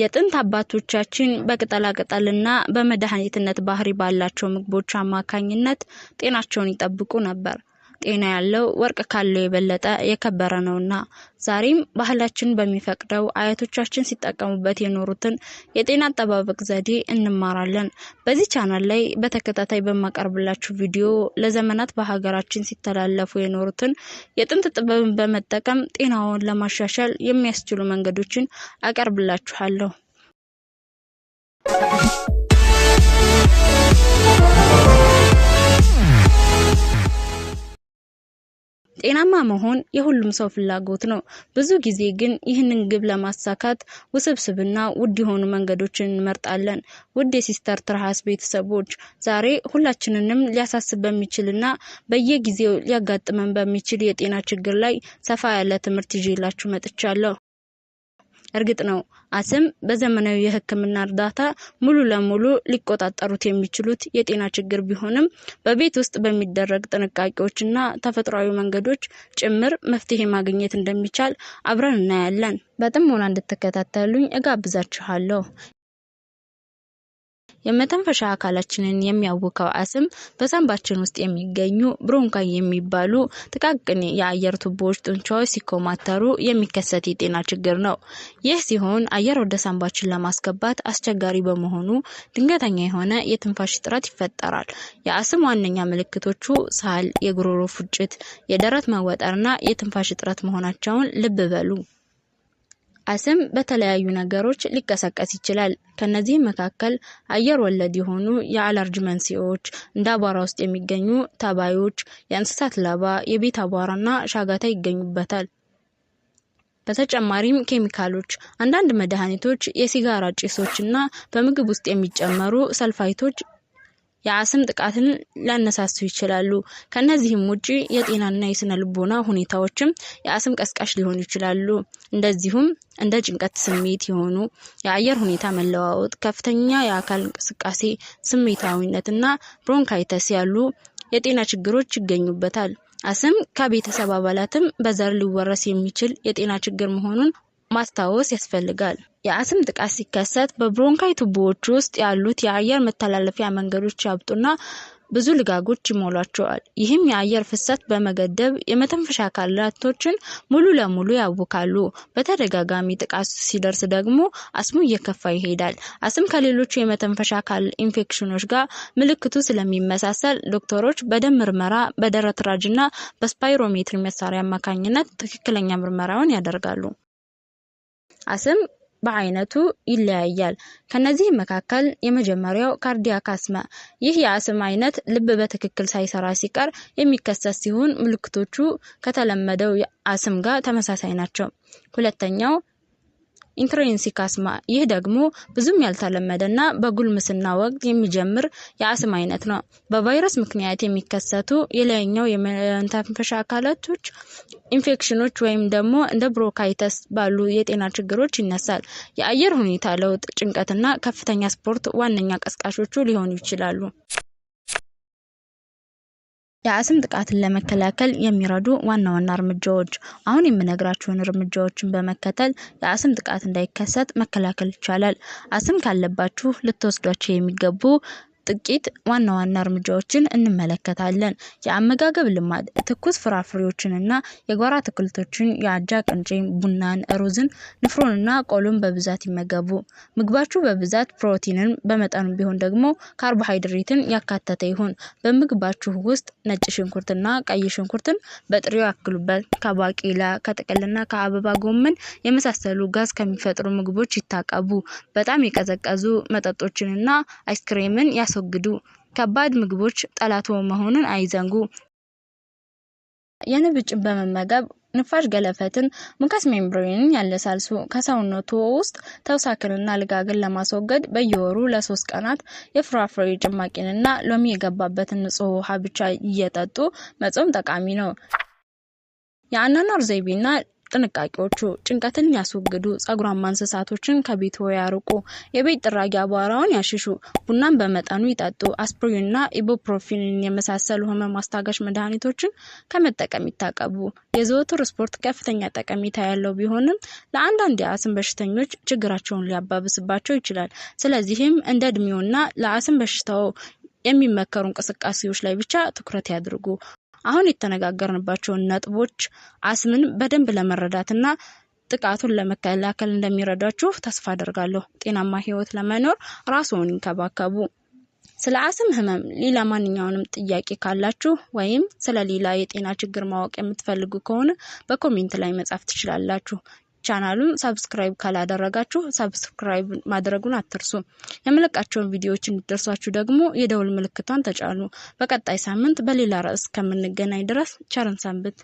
የጥንት አባቶቻችን በቅጠላቅጠልና በመድኃኒትነት ባህሪ ባላቸው ምግቦች አማካኝነት ጤናቸውን ይጠብቁ ነበር። ጤና ያለው ወርቅ ካለው የበለጠ የከበረ ነውና ዛሬም ባህላችን በሚፈቅደው አያቶቻችን ሲጠቀሙበት የኖሩትን የጤና አጠባበቅ ዘዴ እንማራለን። በዚህ ቻናል ላይ በተከታታይ በማቀርብላችሁ ቪዲዮ ለዘመናት በሀገራችን ሲተላለፉ የኖሩትን የጥንት ጥበብን በመጠቀም ጤናውን ለማሻሻል የሚያስችሉ መንገዶችን አቀርብላችኋለሁ። ጤናማ መሆን የሁሉም ሰው ፍላጎት ነው። ብዙ ጊዜ ግን ይህንን ግብ ለማሳካት ውስብስብና ውድ የሆኑ መንገዶችን እንመርጣለን። ውድ የሲስተር ትርሃስ ቤተሰቦች ዛሬ ሁላችንንም ሊያሳስብ በሚችልና በየጊዜው ሊያጋጥመን በሚችል የጤና ችግር ላይ ሰፋ ያለ ትምህርት ይዤላችሁ መጥቻለሁ። እርግጥ ነው አስም በዘመናዊ የሕክምና እርዳታ ሙሉ ለሙሉ ሊቆጣጠሩት የሚችሉት የጤና ችግር ቢሆንም በቤት ውስጥ በሚደረግ ጥንቃቄዎችና ተፈጥሯዊ መንገዶች ጭምር መፍትሄ ማግኘት እንደሚቻል አብረን እናያለን። በጥሞና እንድትከታተሉኝ እጋብዛችኋለሁ። የመተንፈሻ አካላችንን የሚያውከው አስም በሳንባችን ውስጥ የሚገኙ ብሮንካይ የሚባሉ ጥቃቅን የአየር ቱቦዎች ጡንቻዎች ሲኮማተሩ የሚከሰት የጤና ችግር ነው። ይህ ሲሆን አየር ወደ ሳንባችን ለማስገባት አስቸጋሪ በመሆኑ ድንገተኛ የሆነ የትንፋሽ እጥረት ይፈጠራል። የአስም ዋነኛ ምልክቶቹ ሳል፣ የጉሮሮ ፉጭት፣ የደረት መወጠርና የትንፋሽ እጥረት መሆናቸውን ልብ በሉ። አስም በተለያዩ ነገሮች ሊቀሰቀስ ይችላል። ከነዚህም መካከል አየር ወለድ የሆኑ የአለርጂ መንስኤዎች፣ እንደ አቧራ ውስጥ የሚገኙ ተባዮች፣ የእንስሳት ላባ፣ የቤት አቧራና ሻጋታ ይገኙበታል። በተጨማሪም ኬሚካሎች፣ አንዳንድ መድኃኒቶች፣ የሲጋራ ጭሶች እና በምግብ ውስጥ የሚጨመሩ ሰልፋይቶች የአስም ጥቃትን ሊያነሳሱ ይችላሉ። ከእነዚህም ውጪ የጤናና የስነ ልቦና ሁኔታዎችም የአስም ቀስቃሽ ሊሆኑ ይችላሉ። እንደዚሁም እንደ ጭንቀት ስሜት የሆኑ የአየር ሁኔታ መለዋወጥ፣ ከፍተኛ የአካል እንቅስቃሴ፣ ስሜታዊነትና ብሮንካይተስ ያሉ የጤና ችግሮች ይገኙበታል። አስም ከቤተሰብ አባላትም በዘር ሊወረስ የሚችል የጤና ችግር መሆኑን ማስታወስ ያስፈልጋል። የአስም ጥቃት ሲከሰት በብሮንካይ ቱቦዎች ውስጥ ያሉት የአየር መተላለፊያ መንገዶች ያብጡና ብዙ ልጋጎች ይሞሏቸዋል። ይህም የአየር ፍሰት በመገደብ የመተንፈሻ አካላቶችን ሙሉ ለሙሉ ያውካሉ። በተደጋጋሚ ጥቃት ሲደርስ ደግሞ አስሙ እየከፋ ይሄዳል። አስም ከሌሎቹ የመተንፈሻ አካል ኢንፌክሽኖች ጋር ምልክቱ ስለሚመሳሰል ዶክተሮች በደም ምርመራ፣ በደረት ራጅ እና በስፓይሮሜትሪ መሳሪያ አማካኝነት ትክክለኛ ምርመራውን ያደርጋሉ። አስም በአይነቱ ይለያያል። ከነዚህ መካከል የመጀመሪያው ካርዲያክ አስመ ይህ የአስም አይነት ልብ በትክክል ሳይሰራ ሲቀር የሚከሰት ሲሆን ምልክቶቹ ከተለመደው አስም ጋር ተመሳሳይ ናቸው። ሁለተኛው አስማ ይህ ደግሞ ብዙም ያልተለመደና በጉልምስና ወቅት የሚጀምር የአስም አይነት ነው። በቫይረስ ምክንያት የሚከሰቱ የላይኛው የመተንፈሻ አካላቶች ኢንፌክሽኖች ወይም ደግሞ እንደ ብሮካይተስ ባሉ የጤና ችግሮች ይነሳል። የአየር ሁኔታ ለውጥ፣ ጭንቀትና ከፍተኛ ስፖርት ዋነኛ ቀስቃሾቹ ሊሆኑ ይችላሉ። የአስም ጥቃትን ለመከላከል የሚረዱ ዋና ዋና እርምጃዎች አሁን የምነግራችሁን እርምጃዎችን በመከተል የአስም ጥቃት እንዳይከሰት መከላከል ይቻላል። አስም ካለባችሁ ልትወስዷቸው የሚገቡ ጥቂት ዋና ዋና እርምጃዎችን እንመለከታለን። የአመጋገብ ልማድ ትኩስ ፍራፍሬዎችንና የጓሮ አትክልቶችን የአጃ ቅንጬን፣ ቡናን፣ ሩዝን፣ ንፍሮንና ቆሎን በብዛት ይመገቡ። ምግባችሁ በብዛት ፕሮቲንን በመጠኑ ቢሆን ደግሞ ካርቦሃይድሬትን ያካተተ ይሁን። በምግባችሁ ውስጥ ነጭ ሽንኩርትና ቀይ ሽንኩርትን በጥሬው ያክሉበት። ከባቄላ ከጥቅልና ከአበባ ጎመን የመሳሰሉ ጋዝ ከሚፈጥሩ ምግቦች ይታቀቡ። በጣም የቀዘቀዙ መጠጦችንና አይስክሬምን ያስ ያስወግዱ። ከባድ ምግቦች ጠላት መሆኑን አይዘንጉ። የንብ ጭን በመመገብ ንፋሽ ገለፈትን፣ ሙከስ ሜምብሬንን ያለሳልሱ። ከሰውነቱ ውስጥ ተውሳክንና ልጋግን ለማስወገድ በየወሩ ለሶስት ቀናት የፍራፍሬ ጭማቂንና ሎሚ የገባበትን ንጹህ ውሃ ብቻ እየጠጡ መጾም ጠቃሚ ነው። የአኗኗር ዘይቤና ጥንቃቄዎቹ ጭንቀትን ያስወግዱ፣ ጸጉራማ እንስሳቶችን ከቤት ያርቁ፣ የቤት ጥራጊ አቧራውን ያሽሹ፣ ቡናን በመጠኑ ይጠጡ፣ አስፕሪንና ኢቦፕሮፊንን የመሳሰሉ ህመም ማስታገሽ መድኃኒቶችን ከመጠቀም ይታቀቡ። የዘወትር ስፖርት ከፍተኛ ጠቀሜታ ያለው ቢሆንም ለአንዳንድ የአስም በሽተኞች ችግራቸውን ሊያባብስባቸው ይችላል። ስለዚህም እንደ እድሜውና ለአስም በሽታው የሚመከሩ እንቅስቃሴዎች ላይ ብቻ ትኩረት ያድርጉ። አሁን የተነጋገርንባቸውን ነጥቦች አስምን በደንብ ለመረዳትና ጥቃቱን ለመከላከል እንደሚረዳችሁ ተስፋ አደርጋለሁ። ጤናማ ህይወት ለመኖር ራስዎን ይንከባከቡ። ስለ አስም ህመም ሌላ ማንኛውንም ጥያቄ ካላችሁ ወይም ስለ ሌላ የጤና ችግር ማወቅ የምትፈልጉ ከሆነ በኮሜንት ላይ መጻፍ ትችላላችሁ። ቻናሉን ሰብስክራይብ ካላደረጋችሁ ሰብስክራይብ ማድረጉን አትርሱ። የምለቃቸውን ቪዲዮዎች እንዲደርሷችሁ ደግሞ የደውል ምልክቷን ተጫኑ። በቀጣይ ሳምንት በሌላ ርዕስ ከምንገናኝ ድረስ ቸርን ሰንብት።